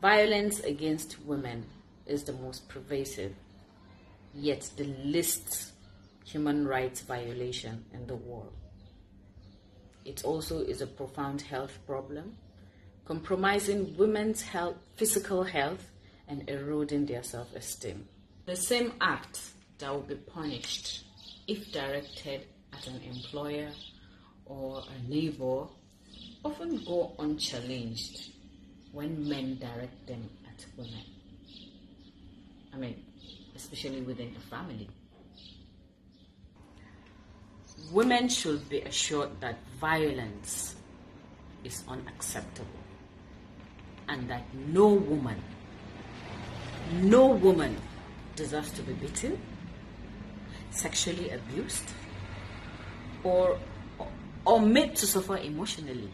Violence against women is the most pervasive, yet the least human rights violation in the world. It also is a profound health problem, compromising women's health, physical health, and eroding their self esteem. The same act that will be punished if directed at an employer or a neighbor often go unchallenged when men direct them at women. I mean, especially within the family. Women should be assured that violence is unacceptable and that no woman, no woman deserves to be beaten, sexually abused, or, or, made to suffer emotionally